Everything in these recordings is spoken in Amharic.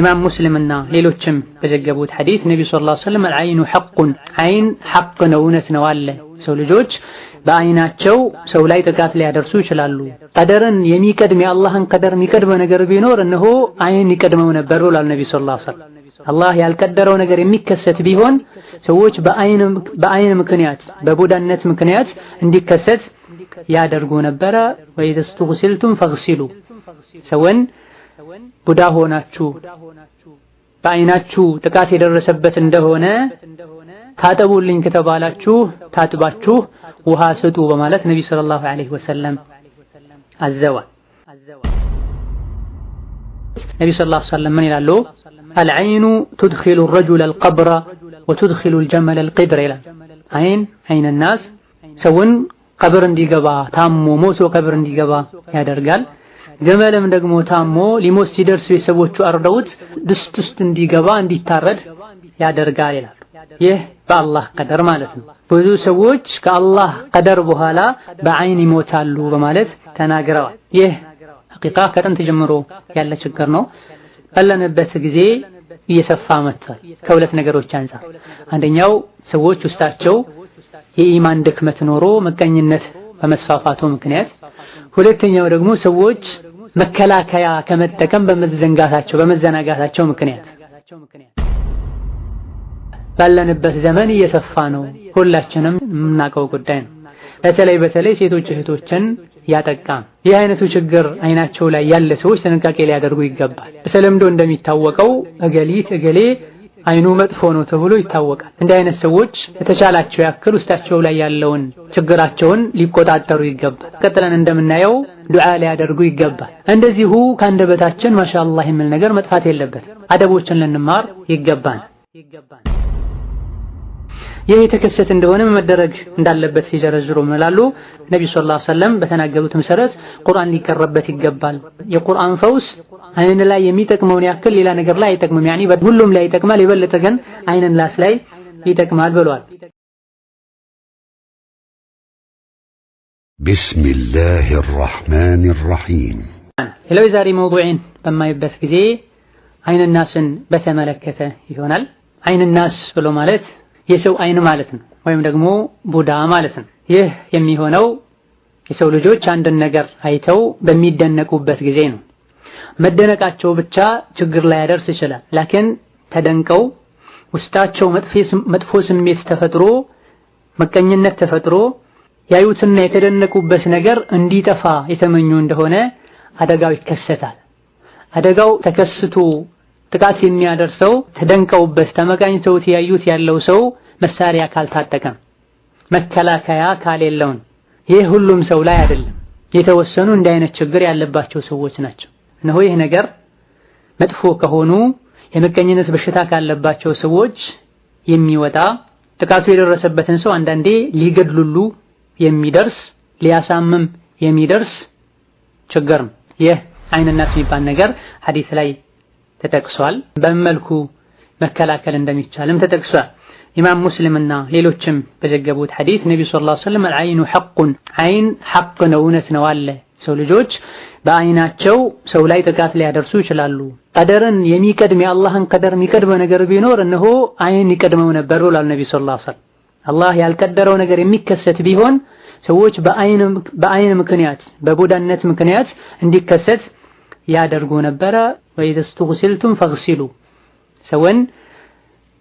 ኢማም ሙስሊምና ሌሎችም በዘገቡት ሐዲስ ነቢዩ ሰለላሁ ዐለይሂ ወሰለም አልዓይኑ ሐቁን ዓይን ሐቅ ነው፣ እውነት ነው አለ። ሰው ልጆች በዓይናቸው ሰው ላይ ጥቃት ሊያደርሱ ይችላሉ። ቀደርን የሚቀድም የአላህን ቀደር የሚቀድመው ነገር ቢኖር እነሆ ዓይን ይቀድመው ነበር ብሏል ነቢ ሰለላሁ ዐለይሂ ወሰለም። አላህ ያልቀደረው ነገር የሚከሰት ቢሆን ሰዎች በዓይን ምክንያት በቡዳነት ምክንያት እንዲከሰት ያደርጉ ነበረ። ወኢዘ ስቱግሲልቱም ፈግሲሉ ሰውን ቡዳ ሆናችሁ በአይናችሁ ጥቃት የደረሰበት እንደሆነ ታጠቡልኝ ከተባላችሁ ታጥባችሁ ውሃ ስጡ በማለት ነቢ ሰለላሁ ዐለይሂ ወሰለም አዘዋ። ነቢ ሰለላሁ ዐለይሂ ወሰለም ምን ይላሉ? አልዐይኑ ቱድኺሉ አልረጁለ አልቀብረ ወቱድኺሉ አልጀመለ አልቅድረ ይላል። አይን አይነ ናስ ሰውን ቀብር እንዲገባ ታሞ ሞቶ ቀብር እንዲገባ ያደርጋል። ገመልም ደግሞ ታሞ ሊሞት ሲደርስ ቤተሰቦቹ አርደውት ድስት ውስጥ እንዲገባ እንዲታረድ ያደርጋል ይላል። ይህ በአላህ ቀደር ማለት ነው። ብዙ ሰዎች ከአላህ ቀደር በኋላ በአይን ይሞታሉ በማለት ተናግረዋል። ይህ ሐቂቃ ከጥንት ጀምሮ ያለ ችግር ነው። ባለንበት ጊዜ እየሰፋ መጥቷል። ከሁለት ነገሮች አንፃር፣ አንደኛው ሰዎች ውስጣቸው የኢማን ድክመት ኖሮ መቀኝነት በመስፋፋቱ ምክንያት፣ ሁለተኛው ደግሞ ሰዎች መከላከያ ከመጠቀም በመዘንጋታቸው በመዘናጋታቸው ምክንያት ባለንበት ዘመን እየሰፋ ነው። ሁላችንም የምናውቀው ጉዳይ ነው። በተለይ በተለይ ሴቶች እህቶችን ያጠቃም ይህ አይነቱ ችግር አይናቸው ላይ ያለ ሰዎች ጥንቃቄ ሊያደርጉ ይገባል። በተለምዶ እንደሚታወቀው እገሊት እገሌ አይኑ መጥፎ ነው ተብሎ ይታወቃል። እንዲህ አይነት ሰዎች የተቻላቸው ያክል ውስጣቸው ላይ ያለውን ችግራቸውን ሊቆጣጠሩ ይገባል። ቀጥለን እንደምናየው ዱዓ ሊያደርጉ ይገባል። እንደዚሁ ከአንደበታችን ማሻአላህ የሚል ነገር መጥፋት የለበትም። አደቦችን ልንማር ይገባል። ይህ የተከሰተ እንደሆነ መደረግ እንዳለበት ሲዘረዝሩ ምላሉ ነቢ ሰለላሁ ዐለይሂ ወሰለም በተናገሩት መሰረት ቁርአን ሊቀረበት ይገባል። የቁርአን ፈውስ አይን ላይ የሚጠቅመውን ያክል ሌላ ነገር ላይ አይጠቅምም። ያኒ ሁሉም ላይ ይጠቅማል፣ የበለጠ ግን አይንን ላስ ላይ ይጠቅማል ብሏል። ቢስሚላሂ ራህማኒ ራሂም ሌላው የዛሬ መውዱዕን በማይበት ጊዜ አይንናስን በተመለከተ ይሆናል። አይንናስ ብሎ ማለት የሰው አይን ማለት ነው፣ ወይም ደግሞ ቡዳ ማለት ነው። ይህ የሚሆነው የሰው ልጆች አንድን ነገር አይተው በሚደነቁበት ጊዜ ነው። መደነቃቸው ብቻ ችግር ላይ ያደርስ ይችላል። ላኪን ተደንቀው ውስጣቸው መጥፎ ስሜት ተፈጥሮ መቀኝነት ተፈጥሮ ያዩትና የተደነቁበት ነገር እንዲጠፋ የተመኙ እንደሆነ አደጋው ይከሰታል። አደጋው ተከስቶ ጥቃት የሚያደርሰው ተደንቀውበት ተመቃኝተውት ያዩት ያለው ሰው መሳሪያ ካልታጠቀም መከላከያ ካሌለውን ይህ ሁሉም ሰው ላይ አይደለም፣ የተወሰኑ እንዲህ አይነት ችግር ያለባቸው ሰዎች ናቸው። እነሆ ይህ ነገር መጥፎ ከሆኑ የመቀኝነት በሽታ ካለባቸው ሰዎች የሚወጣ ጥቃቱ የደረሰበትን ሰው አንዳንዴ ሊገድሉሉ የሚደርስ ሊያሳምም የሚደርስ ችግር ነው። ይህ አይንናስ የሚባል ነገር ሐዲስ ላይ ተጠቅሷል። መልኩ መከላከል እንደሚቻልም ተጠቅሷል። ኢማም ሙስሊምና ሌሎችም በዘገቡት ሐዲስ ነቢ ሰለላሁ ዐለይሂ ወሰለም አልዓይኑ ሐቁን ዓይን ሐቅ ነው እውነት ነው አለ። ሰው ልጆች በአይናቸው ሰው ላይ ጥቃት ሊያደርሱ ይችላሉ። ቀደርን የሚቀድም የአላህን ቀደር የሚቀድመው ነገር ቢኖር እነሆ አይን ይቀድመው ነበር ብሏል ነቢ ሰለላሁ ዐለይሂ ወሰለም። አላህ ያልቀደረው ነገር የሚከሰት ቢሆን ሰዎች በአይን ምክንያት በቡዳነት ምክንያት እንዲከሰት ያደርጉ ነበረ። ወኢዝ ስተጉሲልቱም ፈግሲሉ ሰውን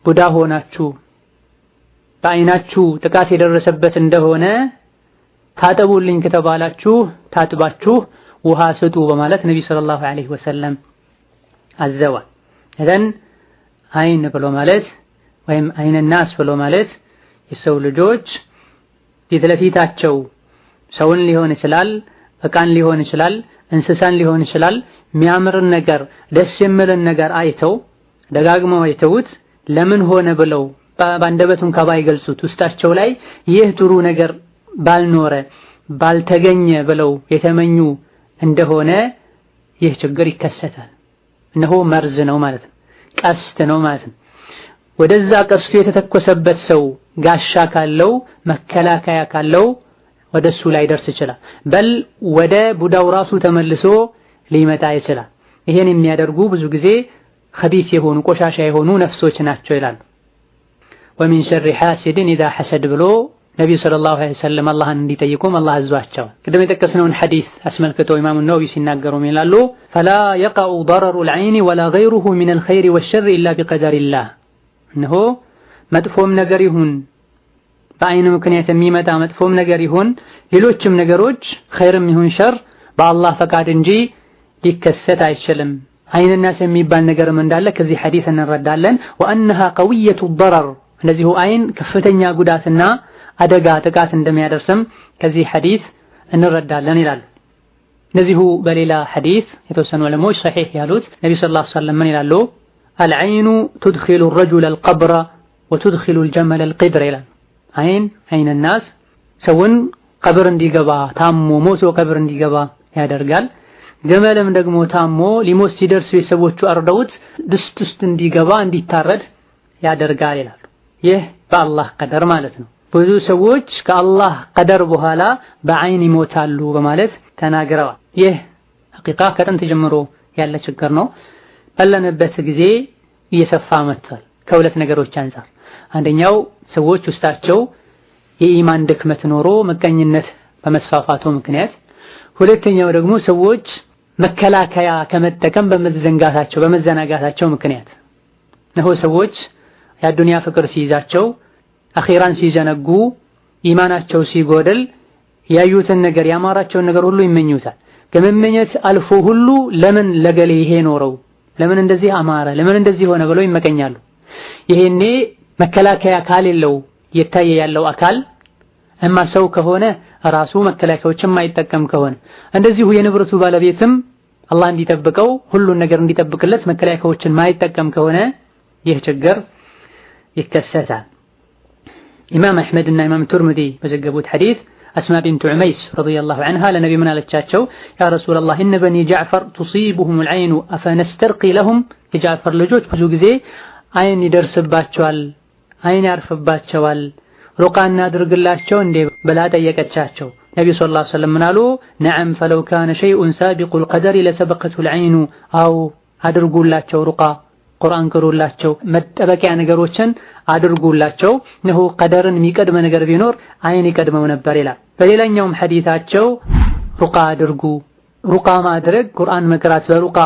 ቡዳ ሆናችሁ በአይናችሁ ጥቃት የደረሰበት እንደሆነ ታጠቡልኝ ከተባላችሁ ታጥባችሁ ውሃ ስጡ በማለት ነቢ ሰለላሁ ዐለይሂ ወሰለም አዘዋ። እዘን አይን ብሎ ማለት ወይም አይነ ናስ ብሎ ማለት የሰው ልጆች ፊት ለፊታቸው ሰውን ሊሆን ይችላል፣ እቃን ሊሆን ይችላል እንስሳን ሊሆን ይችላል የሚያምርን ነገር ደስ የሚልን ነገር አይተው ደጋግመው አይተውት ለምን ሆነ ብለው ባንደበቱን ከባይገልጹት ውስጣቸው ላይ ይህ ጥሩ ነገር ባልኖረ ባልተገኘ ብለው የተመኙ እንደሆነ ይህ ችግር ይከሰታል። እነሆ መርዝ ነው ማለት ነው፣ ቀስት ነው ማለት ነው። ወደዛ ቀስቱ የተተኮሰበት ሰው ጋሻ ካለው መከላከያ ካለው ወደ እሱ ላይ ደርስ ይችላል። በል ወደ ቡዳው ራሱ ተመልሶ ሊመጣ ይችላል። ይሄን የሚያደርጉ ብዙ ጊዜ ኸቢስ የሆኑ ቆሻሻ የሆኑ ነፍሶች ናቸው ይላሉ። ወሚን ሸሪ ሐሲድን ኢዛ ሐሰድ ብሎ ነቢዩ ሰለላሁ ዐለይሂ ወሰለም አላህን እንዲጠይቁም አላህ አዟቸዋል። ቅድም የጠቀስነውን ሐዲስ አስመልክቶ ኢማሙ ነወዊ ሲናገሩም ይላሉ ፈላ የቀዑ ደረሩል ዐይኒ ወላ ገይሩሁ ሚነል ኸይሪ ወሸር ኢላ ቢቀደሪላህ እነሆ መጥፎም ነገር ይሁን በአይን ምክንያት የሚመጣ መጥፎም ነገር ይሁን ሌሎችም ነገሮች ኸይርም ይሁን ሸር በአላህ ፈቃድ እንጂ ሊከሰት አይችልም። አይን የሚባል ነገርም እንዳለ ከዚህ ሐዲስ እንረዳለን። ወአነሃ ቀውየቱ ደረር እንደዚሁ አይን ከፍተኛ ጉዳትና አደጋ ጥቃት እንደሚያደርስም ከዚህ ሐዲስ እንረዳለን ይላሉ። እንደዚሁ በሌላ ሐዲስ የተወሰኑ ዕለሞች ሰሒሕ ያሉት ነቢ ሰለላሁ ዐለይሂ ወሰለም ምን ይላሉ? አልዐይኑ ቱድኺሉ ረጁለ አልቀብረ ወቱድኺሉ አልጀመለ አልቅድረ ይላሉ አይን አይነናስ ሰውን ቀብር እንዲገባ ታሞ ሞቶ ቀብር እንዲገባ ያደርጋል። ግመልም ደግሞ ታሞ ሊሞት ሲደርስ ቤተሰቦቹ አርደውት ድስት ውስጥ እንዲገባ እንዲታረድ ያደርጋል ይላሉ። ይህ በአላህ ቀደር ማለት ነው። ብዙ ሰዎች ከአላህ ቀደር በኋላ በአይን ይሞታሉ በማለት ተናግረዋል። ይህ ሐቂቃ ከጥንት ጀምሮ ያለ ችግር ነው። ባለንበት ጊዜ እየሰፋ መጥቷል። ከሁለት ነገሮች አንፃር አንደኛው ሰዎች ውስጣቸው የኢማን ድክመት ኖሮ መቀኝነት በመስፋፋቱ ምክንያት፣ ሁለተኛው ደግሞ ሰዎች መከላከያ ከመጠቀም በመዘንጋታቸው በመዘናጋታቸው ምክንያት ነሆ ሰዎች የአዱንያ ፍቅር ሲይዛቸው አኼራን ሲዘነጉ ኢማናቸው ሲጎደል ያዩትን ነገር ያማራቸውን ነገር ሁሉ ይመኙታል። ከመመኘት አልፎ ሁሉ ለምን ለገሌ ይሄ ኖረው፣ ለምን እንደዚህ አማረ፣ ለምን እንደዚህ ሆነ ብለው ይመቀኛሉ። ይሄኔ መከላከያ ከሌለው እየታየ ያለው አካል እማ ሰው ከሆነ ራሱ መከላከያዎች የማይጠቀም ከሆነ እንደዚሁ የንብረቱ ባለቤትም አላህ እንዲጠብቀው ሁሉን ነገር እንዲጠብቅለት መከላከያዎችን ማይጠቀም ከሆነ ይህ ችግር ይከሰታል። ኢማም አሕመድ እና ኢማም ቱርሚዲ በዘገቡት ሐዲስ አስማ ቢንቱ ዑመይስ ረዲየላሁ ዐንሃ ለነቢ ምን አለቻቸው? ያ ረሱለላህ እነ በኒ ጃዕፈር ቱሲቡሁሙል ዐይኑ አፈነስተርቂ ለሁም የጃዕፈር ልጆች ብዙ ጊዜ አይን ይደርስባቸዋል አይን ያርፍባቸዋል ሩቃ እናድርግላቸው እንዴ ብላ ጠየቀቻቸው። ነቢዩ ሰለላሁ ዐለይሂ ወሰለም ምናሉ? ነዓም ፈለው ካነ ሸይኡን ሳቢቁል ቀደር ለሰበቀቱል ዐይኑ። አው አድርጉላቸው ሩቃ ቁርአን ቅሩላቸው፣ መጠበቂያ ነገሮችን አድርጉላቸው። እነሆ ቀደርን የሚቀድመ ነገር ቢኖር አይን ይቀድመው ነበር ይላል። በሌላኛውም ሐዲታቸው ሩቃ አድርጉ። ሩቃ ማድረግ ቁርአን መቅራት በሩቃ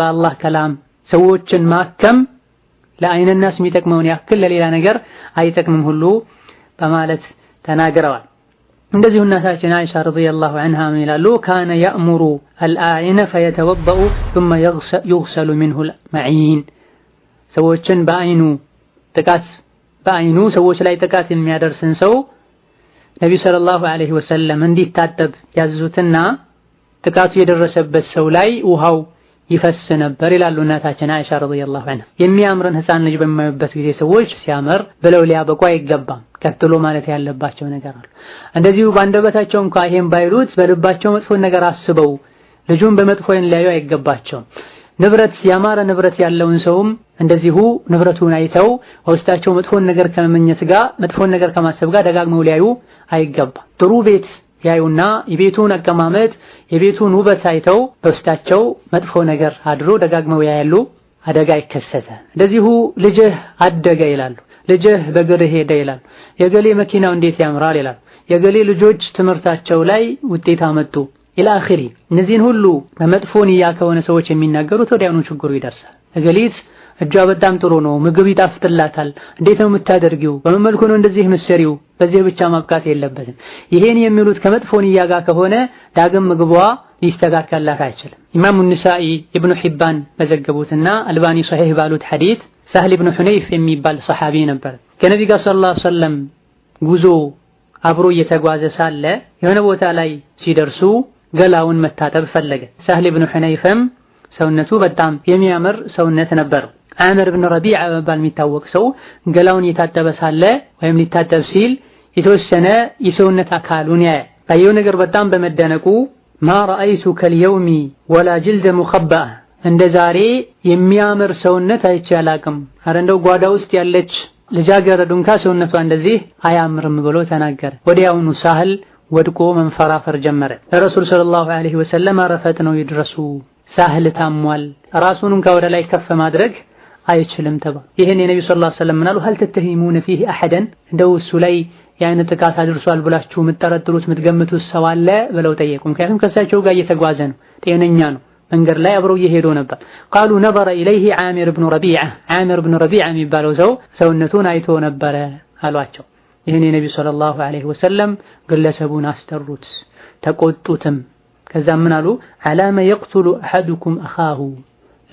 በአላህ ከላም ሰዎችን ማከም ለአይንናስ የሚጠቅመውን ያክል ለሌላ ነገር አይጠቅምም ሁሉ በማለት ተናግረዋል። እንደዚሁ እናታችን አይሻ ረዲየላሁ ዐንሃ ምን ይላሉ? ካነ ያእሙሩ አልአዒነ ፈየተወደኡ ثم يغسل منه المعين ሰዎችን በአይኑ ጥቃት በአይኑ ሰዎች ላይ ጥቃት የሚያደርስን ሰው ነቢዩ ሰለላሁ ዐለይሂ ወሰለም እንዲታጠብ ያዘዙትና ጥቃቱ የደረሰበት ሰው ላይ ውሃው ይፈስ ነበር ይላሉ እናታችን አይሻ ረዲየላሁ ዐንሃ። የሚያምርን ህፃን ልጅ በሚያዩበት ጊዜ ሰዎች ሲያምር ብለው ሊያበቁ አይገባም። ቀጥሎ ማለት ያለባቸው ነገር አሉ። እንደዚሁ ባንደበታቸው እንኳ ይሄን ባይሉት በልባቸው መጥፎን ነገር አስበው ልጁን በመጥፎ ሊያዩ አይገባቸውም። ንብረት ያማረ ንብረት ያለውን ሰውም እንደዚሁ ንብረቱን አይተው ውስጣቸው መጥፎን ነገር ከመመኘት ጋር መጥፎን ነገር ከማሰብ ጋር ደጋግመው ሊያዩ አይገባም። ጥሩ ቤት ያዩና የቤቱን አቀማመጥ የቤቱን ውበት አይተው በውስጣቸው መጥፎ ነገር አድሮ ደጋግመው ያያሉ። አደጋ ይከሰተ። እንደዚሁ ልጅህ አደገ ይላሉ። ልጅህ በእግርህ ሄደ ይላሉ። የገሌ መኪናው እንዴት ያምራል ይላሉ። የገሌ ልጆች ትምህርታቸው ላይ ውጤት አመጡ ኢላአኺሪ። እነዚህን ሁሉ በመጥፎ ንያ ከሆነ ሰዎች የሚናገሩት ወዲያውኑ ችግሩ ይደርሳል። እገሊት እጇ በጣም ጥሩ ነው፣ ምግብ ይጣፍጥላታል፣ እንዴት ነው የምታደርጊው? በምን መልኩ ነው እንደዚህ ምሰሪው? በዚህ ብቻ ማብቃት የለበትም። ይሄን የሚሉት ከመጥፎ ንያ ጋር ከሆነ ዳግም ምግቧ ሊስተካከላት አይችልም። ኢማሙ ንሳኢ ኢብኑ ሒባን በዘገቡትና አልባኒ ሶሒህ ባሉት ሐዲት ሳህል ኢብኑ ሁነይፍ የሚባል ሰሓቢ ነበር። ከነቢ ጋር ሰለላሁ ዐለይሂ ወሰለም ጉዞ አብሮ እየተጓዘ ሳለ የሆነ ቦታ ላይ ሲደርሱ ገላውን መታጠብ ፈለገ። ሳህል ኢብኑ ሁነይፍም ሰውነቱ በጣም የሚያምር ሰውነት ነበረው። አመር ብን ረቢዓ በመባል የሚታወቅ ሰው ገላውን እየታጠበ ሳለ ወይም ሊታጠብ ሲል የተወሰነ የሰውነት አካሉን ያየ ባየው ነገር በጣም በመደነቁ ማ ረአይቱ ከልየውሚ ወላ ጅልደ ሙከባአ እንደ ዛሬ የሚያምር ሰውነት አይቼ አላቅም። አረ እንደው ጓዳ ውስጥ ያለች ልጃገረድ እንኳ ሰውነቷ እንደዚህ አያምርም ብሎ ተናገረ። ወዲያውኑ ሳህል ወድቆ መንፈራፈር ጀመረ። ለረሱል ሰለላሁ ዐለይሂ ወሰለም አረፈት ነው ይድረሱ፣ ሳህል ታሟል፣ ራሱንም ከወደ ላይ ከፍ ማድረግ አይችልም ተባሉ። ይህን የነቢዩ ሰለላሁ ዐለይሂ ወሰለም ምናሉ ሀል ተተሂሙነ ፊህ አሐደን እንደው እሱ ላይ የአይን ጥቃት አድርሷል ብላችሁ የምትጠረጥሩት የምትገምቱት ሰው አለ ብለው ጠየቁ። ምክንያቱም ከእሳቸው ጋር እየተጓዘ ነው፣ ጤነኛ ነው፣ መንገድ ላይ አብረው እየሄዶ ነበር። ቃሉ ነበረ ኢለይህ ዓሚር ብኑ ረቢዓ፣ ዓሚር ብኑ ረቢዓ የሚባለው ሰው ሰውነቱን አይቶ ነበረ አሏቸው። ይህን የነቢዩ ሰለላሁ ዐለይሂ ወሰለም ግለሰቡን አስጠሩት፣ ተቆጡትም። ከዛ ምን አሉ ዓላመ የቅቱሉ አሐዱኩም አኻሁ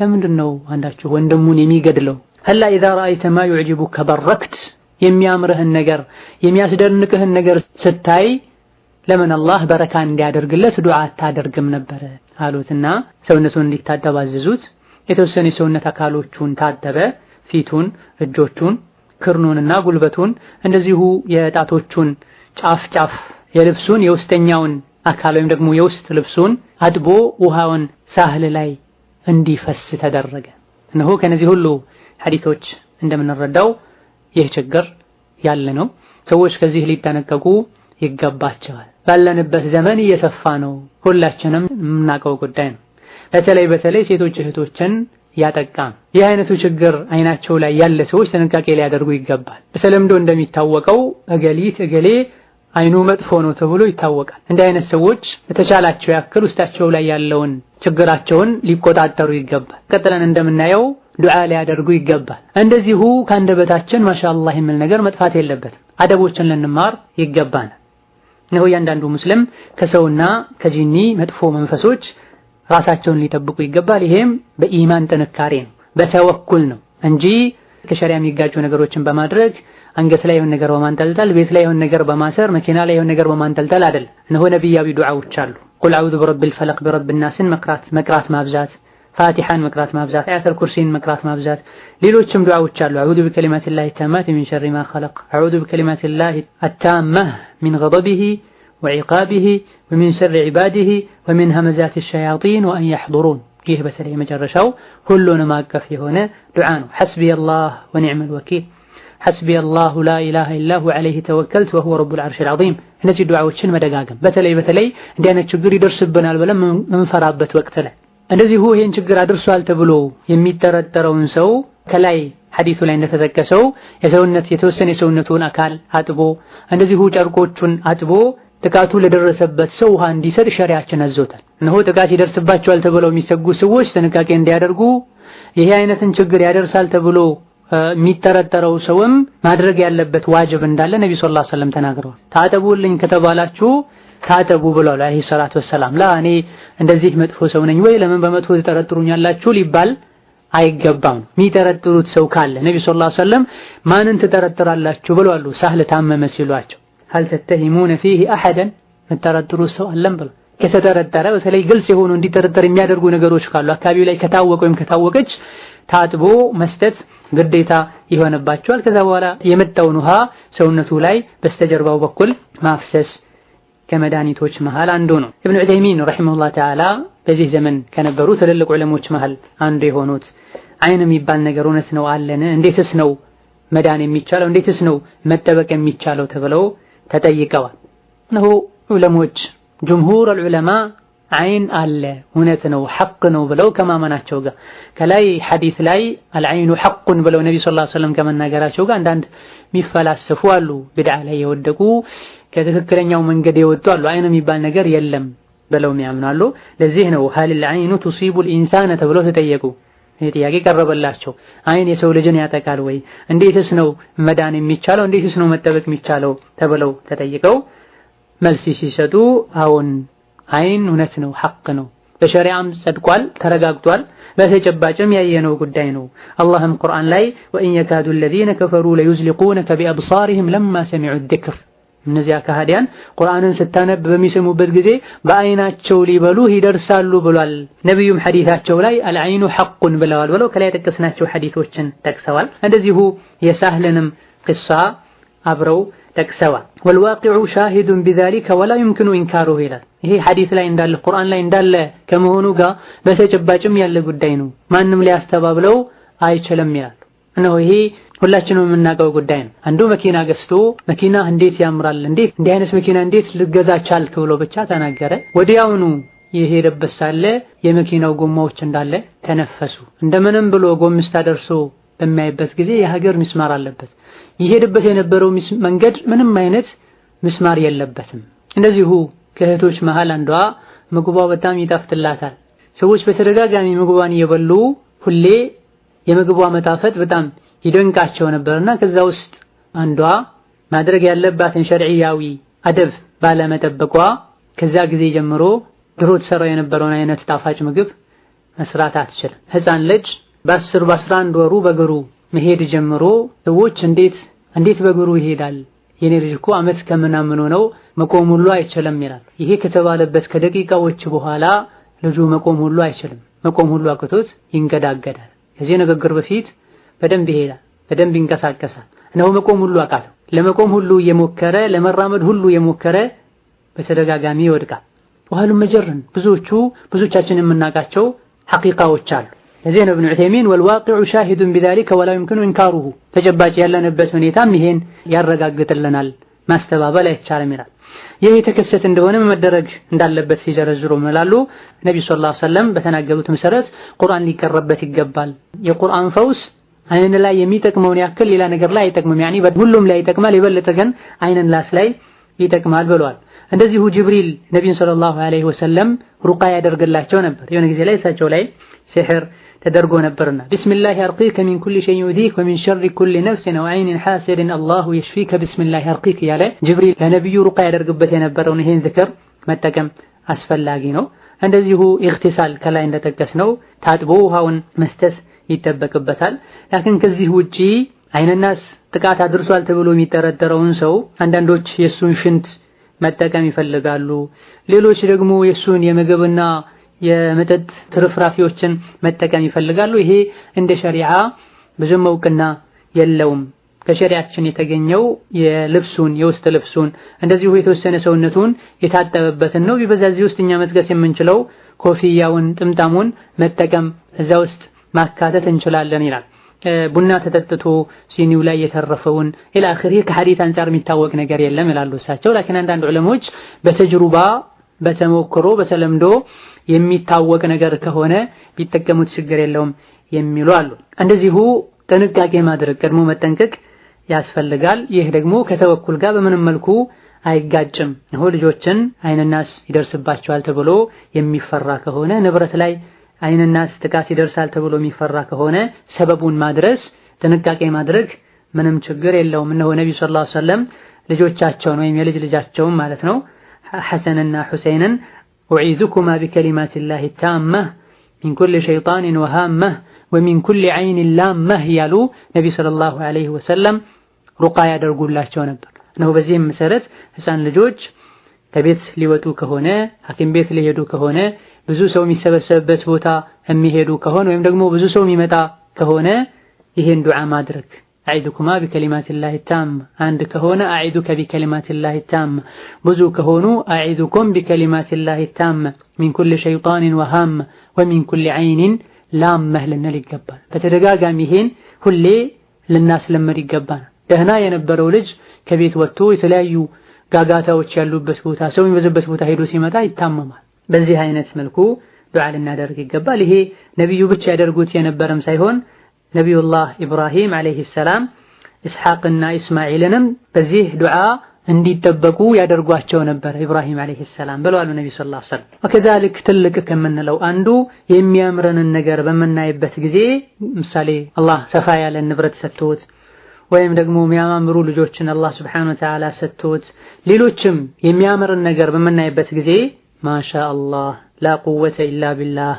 ለምንድን ነው አንዳችሁ ወንድሙን የሚገድለው? ሀላ ኢዛ ረአይተ ማ ዩዕጅቡከ በረክት የሚያምርህን ነገር የሚያስደንቅህን ነገር ስታይ ለምን አላህ በረካ እንዲያደርግለት ዱዓ አታደርግም ነበረ አሉትና ሰውነቱን እንዲታጠብ አዘዙት። የተወሰነ የሰውነት አካሎቹን ታጠበ። ፊቱን፣ እጆቹን፣ ክርኑንና ጉልበቱን እንደዚሁ የጣቶቹን ጫፍ ጫፍ የልብሱን የውስጠኛውን አካል ወይም ደግሞ የውስጥ ልብሱን አጥቦ ውሃውን ሳህል ላይ እንዲፈስ ተደረገ። እነሆ ከነዚህ ሁሉ ሐዲቶች እንደምንረዳው ይህ ችግር ያለ ነው። ሰዎች ከዚህ ሊጠነቀቁ ይገባቸዋል። ባለንበት ዘመን እየሰፋ ነው፣ ሁላችንም የምናውቀው ጉዳይ ነው። በተለይ በተለይ ሴቶች እህቶችን ያጠቃ ይህ አይነቱ ችግር አይናቸው ላይ ያለ ሰዎች ጥንቃቄ ሊያደርጉ ይገባል። በተለምዶ እንደሚታወቀው እገሊት እገሌ አይኑ መጥፎ ነው ተብሎ ይታወቃል። እንዲህ አይነት ሰዎች በተቻላቸው ያክል ውስጣቸው ላይ ያለውን ችግራቸውን ሊቆጣጠሩ ይገባል። ቀጥለን እንደምናየው ዱዓ ሊያደርጉ ይገባል። እንደዚሁ ከአንደበታችን ማሻአላህ የሚል ነገር መጥፋት የለበትም። አደቦችን ልንማር ይገባናል። እነሆ እያንዳንዱ ሙስሊም ከሰውና ከጂኒ መጥፎ መንፈሶች ራሳቸውን ሊጠብቁ ይገባል። ይሄም በኢማን ጥንካሬ ነው፣ በተወኩል ነው እንጂ ከሸሪያ የሚጋጩ ነገሮችን በማድረግ አንገት ላይ የሆነ ነገር በማንጠልጠል ቤት ላይ የሆነ ነገር በማሰር መኪና ላይ የሆነ ነገር በማንጠልጠል አይደል። እነሆ ነቢያዊ ዱዓዎች አሉ። ቁል አዑዙ ቢረቢል ፈለቅ ቢረቢናስን መቅራት ማብዛት፣ ፋቲሐን መቅራት ማብዛት፣ አያተል ኩርሲን መቅራት ማብዛት፣ ሌሎችም ዱዓዎች አሉ። አዑዙ ቢከሊማቲላሂ አታማቲ ሚን ሸሪ ማ ኸለቅ፣ አዑዙ ቢከሊማቲላሂ አታማህ ሚን ገደቢሂ ወዒቃቢሂ ወሚን ሸሪ ዒባዲሂ ወሚን ሀመዛቲ ሸያጢን ወአን የሕዱሩን ይህ በተለይ የመጨረሻው ሁሉንም አቀፍ የሆነ ዱዓ ነው። ሐስቢየላህ ወኒዕመል ወኪል ሐስቢ አላሁ ላ ኢላሁ ዐለይሂ ተወከልት ወሁወ ረቡል ዐርሺል ዐዚም። እነዚህ ዱዓዎችን መደጋገም በተለይ በተለይ እንዲህ አይነት ችግር ይደርስብናል ብለን የምንፈራበት ወቅት ላይ እንደዚሁ ይህን ችግር አድርሷል ተብሎ የሚጠረጠረውን ሰው ከላይ ሐዲሱ ላይ እንደተጠቀሰው የሰውነት የተወሰነ የሰውነቱን አካል አጥቦ እንደዚሁ ጨርቆቹን አጥቦ ጥቃቱ ለደረሰበት ሰው ውሃ እንዲሰጥ ሸሪያችን አዞታል። እነሆ ጥቃት ይደርስባቸዋል ተብለው የሚሰጉ ሰዎች ጥንቃቄ እንዲያደርጉ ይሄ አይነትን ችግር ያደርሳል ተብሎ የሚጠረጠረው ሰውም ማድረግ ያለበት ዋጅብ እንዳለ ነቢ ሰለላሁ ዐለይሂ ወሰለም ተናግረዋል። ታጠቡልኝ ከተባላችሁ ታጠቡ ብለዋል አለይሂ ሰላቱ ወሰላም። ላ እኔ እንደዚህ መጥፎ ሰው ነኝ ወይ ለምን በመጥፎ ትጠረጥሩኛላችሁ ሊባል አይገባም። የሚጠረጥሩት ሰው ካለ ነቢ ሰለላሁ ዐለይሂ ወሰለም ማንን ትጠረጥራላችሁ ብለዋል ሳህል ታመመ ሲሏቸው፣ ሀል ተተሂሙነ ፊሂ አሐደን የምትጠረጥሩት ሰው አለም ብለዋል። ከተጠረጠረ በተለይ ግልጽ የሆኑ እንዲጠረጠር የሚያደርጉ ነገሮች ካሉ አካባቢው ላይ ከታወቀ ወይም ከታወቀች ታጥቦ መስጠት ግዴታ ይሆንባቸዋል። ከዛ በኋላ የመጣውን ውሃ ሰውነቱ ላይ በስተጀርባው በኩል ማፍሰስ ከመድኃኒቶች መሃል አንዱ ነው። ኢብኑ ዑሰይሚን ረሂመሁላህ ተዓላ በዚህ ዘመን ከነበሩ ትልልቅ ዑለሞች መሃል አንዱ የሆኑት አይን የሚባል ነገር እውነት ነው አለን? እንዴትስ ነው መዳን የሚቻለው? እንዴትስ ነው መጠበቅ የሚቻለው? ተብለው ተጠይቀዋል። እነሆ ዑለሞች ጅምሁር አልዑለማ አይን አለ እውነት ነው ሐቅ ነው ብለው ከማመናቸው ጋር ከላይ ሐዲስ ላይ አልአይኑ ሐቁን ብለው ነቢ ሰለላሁ ዐለይሂ ወሰለም ከመናገራቸው ጋር አንዳንድ የሚፈላሰፉ አሉ። ቢድዓ ላይ የወደቁ ከትክክለኛው መንገድ የወጡ አሉ። አይን የሚባል ነገር የለም ብለው የሚያምኑ ለዚህ ነው ሀሊል አይኑ ቱሲቡል ኢንሳነ ተብለው ተጠየቁ። ይህ ጥያቄ ቀረበላቸው። አይን የሰው ልጅን ያጠቃል ወይ? እንዴትስ ነው መዳን የሚቻለው? እንዴትስ ነው መጠበቅ የሚቻለው? ተብለው ተጠይቀው መልስ ሲሰጡ አዎን አይን እውነት ነው፣ ሐቅ ነው። በሸሪዓም ጸድቋል፣ ተረጋግጧል። በተጨባጭም ያየነው ጉዳይ ነው። አላህም ቁርአን ላይ ወኢን የካዱ ለዚነ ከፈሩ ለዩዝሊቁነከ ቢአብሳሪሂም ለማ ሰሚዑ ዚክር እነዚያ ከሃዲያን ቁርአንን ስታነብ በሚሰሙበት ጊዜ በአይናቸው ሊበሉ ይደርሳሉ ብሏል። ነቢዩም ሐዲታቸው ላይ አልአይኑ ሐቁን ብለዋል ብለው ከላይ የጠቀስናቸው ሐዲቶችን ጠቅሰዋል። እንደዚሁ የሳህልንም ቅሳ አብረው ጠቅሰዋል። ወልዋቂዑ ሻሂዱን ቢዛሊከ ወላ ዩምኪኑ ኢንካሩሁ ይላል። ይሄ ሐዲስ ላይ እንዳለ ቁርአን ላይ እንዳለ ከመሆኑ ጋር በተጨባጭም ያለ ጉዳይ ነው። ማንም ሊያስተባብለው አይችልም ይላል። እነሆ ይሄ ሁላችንም የምናውቀው ጉዳይ ነው። አንዱ መኪና ገዝቶ መኪና እንዴት ያምራል፣ እንዴት እንዲህ አይነት መኪና እንዴት ልገዛ ቻልክ ብሎ ብቻ ተናገረ። ወዲያውኑ የሄደበት ሳለ የመኪናው ጎማዎች እንዳለ ተነፈሱ። እንደምንም ብሎ ጎምስታ ደርሶ በሚያይበት ጊዜ የሀገር ሚስማር አለበት ይሄድበት የነበረው መንገድ ምንም አይነት ምስማር የለበትም። እንደዚሁ ከእህቶች መሃል አንዷ ምግቧ በጣም ይጣፍጥላታል። ሰዎች በተደጋጋሚ ምግቧን እየበሉ ሁሌ የምግቧ መጣፈጥ በጣም ይደንቃቸው ነበርና ከዛ ውስጥ አንዷ ማድረግ ያለባትን ሸርዕያዊ አደብ ባለመጠበቋ ከዛ ጊዜ ጀምሮ ድሮ ትሰራው የነበረውን አይነት ጣፋጭ ምግብ መስራት አትችልም። ህፃን ልጅ በአስር በአስራ አንድ ወሩ በእግሩ መሄድ ጀምሮ ሰዎች እንዴት እንዴት በእግሩ ይሄዳል የኔ ልጅ እኮ ነው መቆም ሁሉ አይችልም ይላል። ይሄ ከተባለበት ከደቂቃዎች በኋላ ልጁ መቆም ሁሉ አይችልም፣ መቆም ሁሉ አቅቶት ይንገዳገዳል። ከዚህ ንግግር በፊት በደንብ ይሄዳል፣ በደንብ ይንቀሳቀሳል። ነው መቆም ሁሉ አቃተው። ለመቆም ሁሉ የሞከረ ለመራመድ ሁሉ የሞከረ በተደጋጋሚ ይወድቃል። ባህሉን መጀርን ብዙዎቹ ብዙዎቻችን የምናውቃቸው ሐቂቃዎች አሉ። ለዚህ ነው ኢብኑ ዑሰይሚን ወልዋቂዑ ሻሂዱን ቢዛሊከ ወላ ይምኪኑ ኢንካሩሁ ተጨባጭ ያለንበት ሁኔታም ይሄን ያረጋግጥልናል፣ ማስተባበል አይቻልም ይላል። ይህ የተከሰተ እንደሆነ መደረግ እንዳለበት ሲዘረዝሩ ምላሉ ነቢ ሰለላሁ ዐለይሂ ወሰለም በተናገሩት መሰረት ቁርአን ሊቀረበት ይገባል። የቁርአን ፈውስ አይን ላይ የሚጠቅመውን ያክል ሌላ ነገር ላይ አይጠቅምም። ያኒ ሁሉም ላይ ይጠቅማል፣ የበለጠ ግን አይንን ላስ ላይ ይጠቅማል ብሏል። እንደዚሁ ጅብሪል ነቢን ሰለላሁ ዐለይሂ ወሰለም ሩቃ ያደርግላቸው ነበር። የሆነ ጊዜ ላይ እሳቸው ላይ ሲህር ተደርጎ ነበርና ቢስሚላሂ አርቂከ ሚን ኩሊ ሸይን ዩዚክ ወሚን ሸሪ ኩሊ ነፍሲን ወዐይኒን ሐሲድን አላሁ የሽፊከ ቢስሚላሂ አርቂክ እያለ ጅብሪል ለነቢዩ ሩቃ ያደርግበት የነበረውን ይሄን ዝክር መጠቀም አስፈላጊ ነው። እንደዚሁ ኢኽቲሳል ከላይ እንደጠቀስነው ታጥቦ ውሃውን መስጠት ይጠበቅበታል። ላኪን ከዚህ ውጪ አይነናስ ጥቃት አድርሷል ተብሎ የሚጠረጠረውን ሰው አንዳንዶች የሱን ሽንት መጠቀም ይፈልጋሉ። ሌሎች ደግሞ የሱን የምግብና የመጠጥ ትርፍራፊዎችን መጠቀም ይፈልጋሉ። ይሄ እንደ ሸሪዓ ብዙም እውቅና የለውም። ከሸሪያችን የተገኘው የልብሱን የውስጥ ልብሱን እንደዚሁ የተወሰነ ሰውነቱን የታጠበበትን ነው። ቢበዛ እዚህ ውስጥ እኛ መጥቀስ የምንችለው ኮፍያውን፣ ጥምጣሙን መጠቀም እዛ ውስጥ ማካተት እንችላለን ይላል። ቡና ተጠጥቶ ሲኒው ላይ የተረፈውን አኺሪ ከሐዲት አንጻር የሚታወቅ ነገር የለም ይላሉ እሳቸው። ላኪን አንዳንድ ዑለሞች በተጅሩባ በተሞክሮ በተለምዶ የሚታወቅ ነገር ከሆነ ቢጠቀሙት ችግር የለውም የሚሉ አሉ። እንደዚሁ ጥንቃቄ ማድረግ ቀድሞ መጠንቀቅ ያስፈልጋል። ይህ ደግሞ ከተወኩል ጋር በምንም መልኩ አይጋጭም። ይሁ ልጆችን አይንናስ ይደርስባቸዋል ተብሎ የሚፈራ ከሆነ ንብረት ላይ አይንናስ ጥቃት ይደርሳል ተብሎ የሚፈራ ከሆነ ሰበቡን ማድረስ ጥንቃቄ ማድረግ ምንም ችግር የለውም። እነሆ ነብዩ ሰለላሁ ዐለይሂ ወሰለም ልጆቻቸውን ወይም የልጅ ልጃቸውን ማለት ነው ሐሰንና ሑሴንን ኡዒዙኩማ ቢከሊማቲላሂ ታማህ ሚን ኩሊ ሸይጣኒን ወሃማህ ወሚን ኩሊ ዐይኒን ላማህ ያሉ ነቢ ሰለላሁ ዐለይሂ ወሰለም ሩቃ ያደርጉላቸው ነበር። እነሆ በዚህም መሰረት ህፃን ልጆች ከቤት ሊወጡ ከሆነ ሐኪም ቤት ሊሄዱ ከሆነ ብዙ ሰው የሚሰበሰብበት ቦታ የሚሄዱ ከሆነ ወይም ደግሞ ብዙ ሰው የሚመጣ ከሆነ ይሄን ዱዓ ማድረግ አዒዱኩማ ቢከሊማቲላሂ ታማ አንድ ከሆነ አዒዱከ ቢከሊማቲላሂ ታማ ብዙ ከሆኑ አዒዱኩም ቢከሊማቲላሂ ታማ ሚን ኩል ሸይጣኒን ወሃማ ወሚን ኩል ዐይኒን ላመህ ልንል ይገባል። በተደጋጋሚ ይሄን ሁሌ ልናስለመድ ይገባል። ደህና የነበረው ልጅ ከቤት ወጥቶ የተለያዩ ጋጋታዎች ያሉበት ቦታ፣ ሰው የሚበዝበት ቦታ ሄዶ ሲመጣ ይታመማል። በዚህ አይነት መልኩ ዱዓ ልናደርግ ይገባል። ይሄ ነቢዩ ብቻ ያደርጉት የነበረም ሳይሆን ነቢዩላህ ኢብራሂም ዓለይሂ ሰላም ኢስሐቅና ኢስማኤልንም በዚህ ዱዓ እንዲጠበቁ ያደርጓቸው ነበር ኢብራሂም ዓለይሂ ሰላም ብለዋል ነቢ ሰለላሁ ዐለይሂ ወሰለም። ወከዛልክ ትልቅ ከምንለው አንዱ የሚያምረንን ነገር በምናይበት ጊዜ ምሳሌ አላህ ሰፋ ያለ ንብረት ሰጥቶት ወይም ደግሞ የሚያማምሩ ልጆችን አላህ ሱብሓነሁ ወተዓላ ሰጥቶት ሌሎችም የሚያምርን ነገር በምናይበት ጊዜ ማሻአላህ ላ ቁወተ ኢላ ቢላህ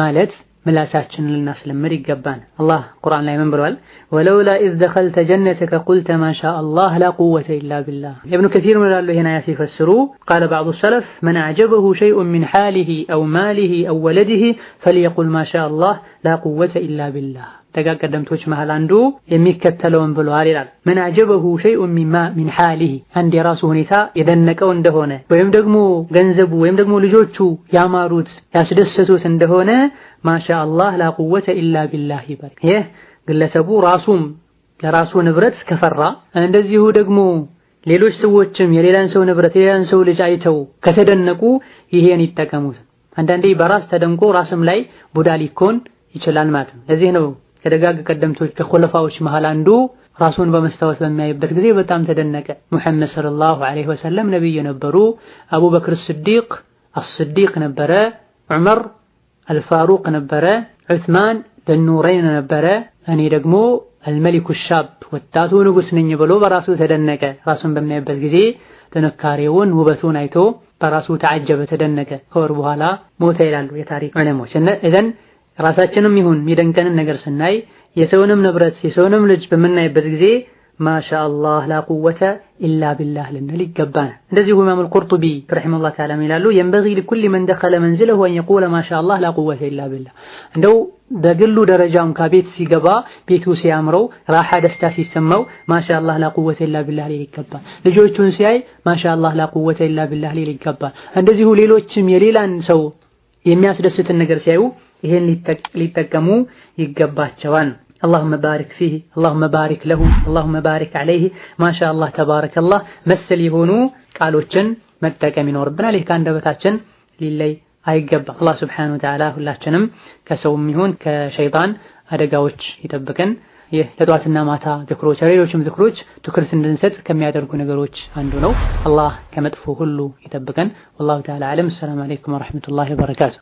ማለት ምላሳችንን ልናስለምድ ይገባን። አላህ ቁርአን ላይ ምን ብሏል። ወለውላ ኢዝ ደኸልተ ጀነተከ ቁልተ ማሻ አላህ ላ ቁወተ ኢላ ቢላህ። ኢብኑ ከሲር ምላሉ ይህን አያ ሲፈስሩ ቃለ ባዕዱ ሰለፍ መን አጀበሁ ሸይኡን ሚን ሓሊሂ አው ማሊሂ አው ወለዲሂ ፈልየቁል ማሻ አላህ ላ ቁወተ ኢላ ቢላህ። ደጋግ ቀደምቶች መሃል አንዱ የሚከተለውን ብሏል ይላል። መን አጀበሁ ሸይኡን ሚማ ሚን ሓሊሂ አንድ የራሱ ሁኔታ የደነቀው እንደሆነ ወይም ደግሞ ገንዘቡ ወይም ደግሞ ልጆቹ ያማሩት ያስደሰቱት እንደሆነ ማሻ አላህ ላ ቁወተ ኢላ ቢላህ ይበል። ይህ ግለሰቡ ራሱም ለራሱ ንብረት ከፈራ እንደዚሁ ደግሞ ሌሎች ሰዎችም የሌላን ሰው ንብረት የሌላን ሰው ልጅ አይተው ከተደነቁ ይሄን ይጠቀሙት። አንዳንዴ በራስ ተደንቆ ራስም ላይ ቡዳ ሊኮን ይችላል ማለት ነው። ለዚህ ነው ከደጋግ ቀደምቶች ከኮለፋዎች መሃል አንዱ ራሱን በመስታወት በሚያይበት ጊዜ በጣም ተደነቀ። ሙሐመድ ሰለላሁ ዐለይሂ ወሰለም ነብይ ነበሩ። አቡበክር ስዲቅ አስስዲቅ ነበረ። ዑመር አልፋሩቅ ነበረ፣ ዑስማን ደኑረይን ነበረ። እኔ ደግሞ አልመሊኩ ሻብ ወጣቱ ንጉስ ነኝ ብሎ በራሱ ተደነቀ። ራሱን በሚያይበት ጊዜ ጥንካሬውን ውበቱን አይቶ በራሱ ተዓጀበ፣ ተደነቀ። ከወር በኋላ ሞተ ይላሉ የታሪክ ዑለሞች። እዘን ራሳችንም ይሁን የሚደንቀንን ነገር ስናይ የሰውንም ንብረት የሰውንም ልጅ በምናይበት ጊዜ ማሻአላህ ላ ቁወተ ኢላ ቢላህ ልንል ይገባናል። እንደዚሁ ኢማሙል ቁርጡቢ ረሒመሁላህ ተዓላ ይላሉ የንበጊ ሊኩሊ መን ደኸለ መንዝለሁ አን የቁለ ማሻአላህ ላ ኢላ ቢላህ። እንደው በግሉ ደረጃም ከቤት ሲገባ ቤቱ ሲያምረው ራሓ ደስታ ሲሰማው ማሻአላህ ላ ኢላ ቢላህ ሊል ይገባል። ልጆቹን ሲያይ ማሻአላህ ላ ኢላ ቢላህ ሊል ይገባል። እንደዚሁ ሌሎችም የሌላን ሰው የሚያስደስትን ነገር ሲያዩ ይህን ሊጠቀሙ ይገባቸዋል። አላሁመ ባሪክ ፊህ አላሁመ ባሪክ ለሁ አላሁመ ባሪክ አለይህ ማሻአላህ ተባረከላህ መሰል የሆኑ ቃሎችን መጠቀም ይኖርብናል። ይህ ከአንደበታችን ሊለይ አይገባም። አላህ ሱብሓነሁ ወተዓላ ሁላችንም ከሰውም ይሁን ከሸይጣን አደጋዎች ይጠብቀን። ይህ የጠዋትና ማታ ዝክሮች፣ ሌሎችም ዝክሮች ትኩረት እንድንሰጥ ከሚያደርጉ ነገሮች አንዱ ነው። አላህ ከመጥፎ ሁሉ ይጠብቀን። ወላሁ ተዓላ አዕለም። ሰላም አለይኩም ወረሕመቱላሂ ወበረካቱ።